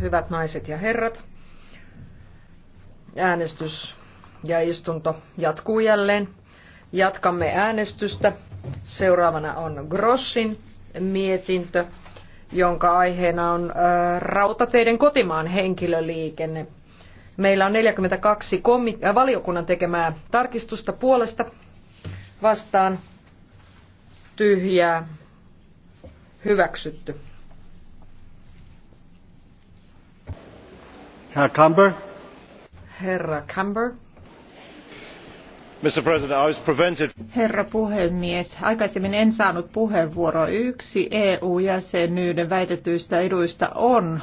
Hyvät naiset ja herrat, äänestys ja istunto jatkuu jälleen. Jatkamme äänestystä. Seuraavana on Grossin mietintö, jonka aiheena on rautateiden kotimaan henkilöliikenne. Meillä on 42 äh, valiokunnan tekemää tarkistusta puolesta vastaan tyhjää hyväksytty. Herr Camber. Herra Camber. Mr. President, I was prevented... Herra puhemies, aikaisemmin en saanut puheenvuoroa. Yksi EU-jäsenyyden väitetyistä eduista on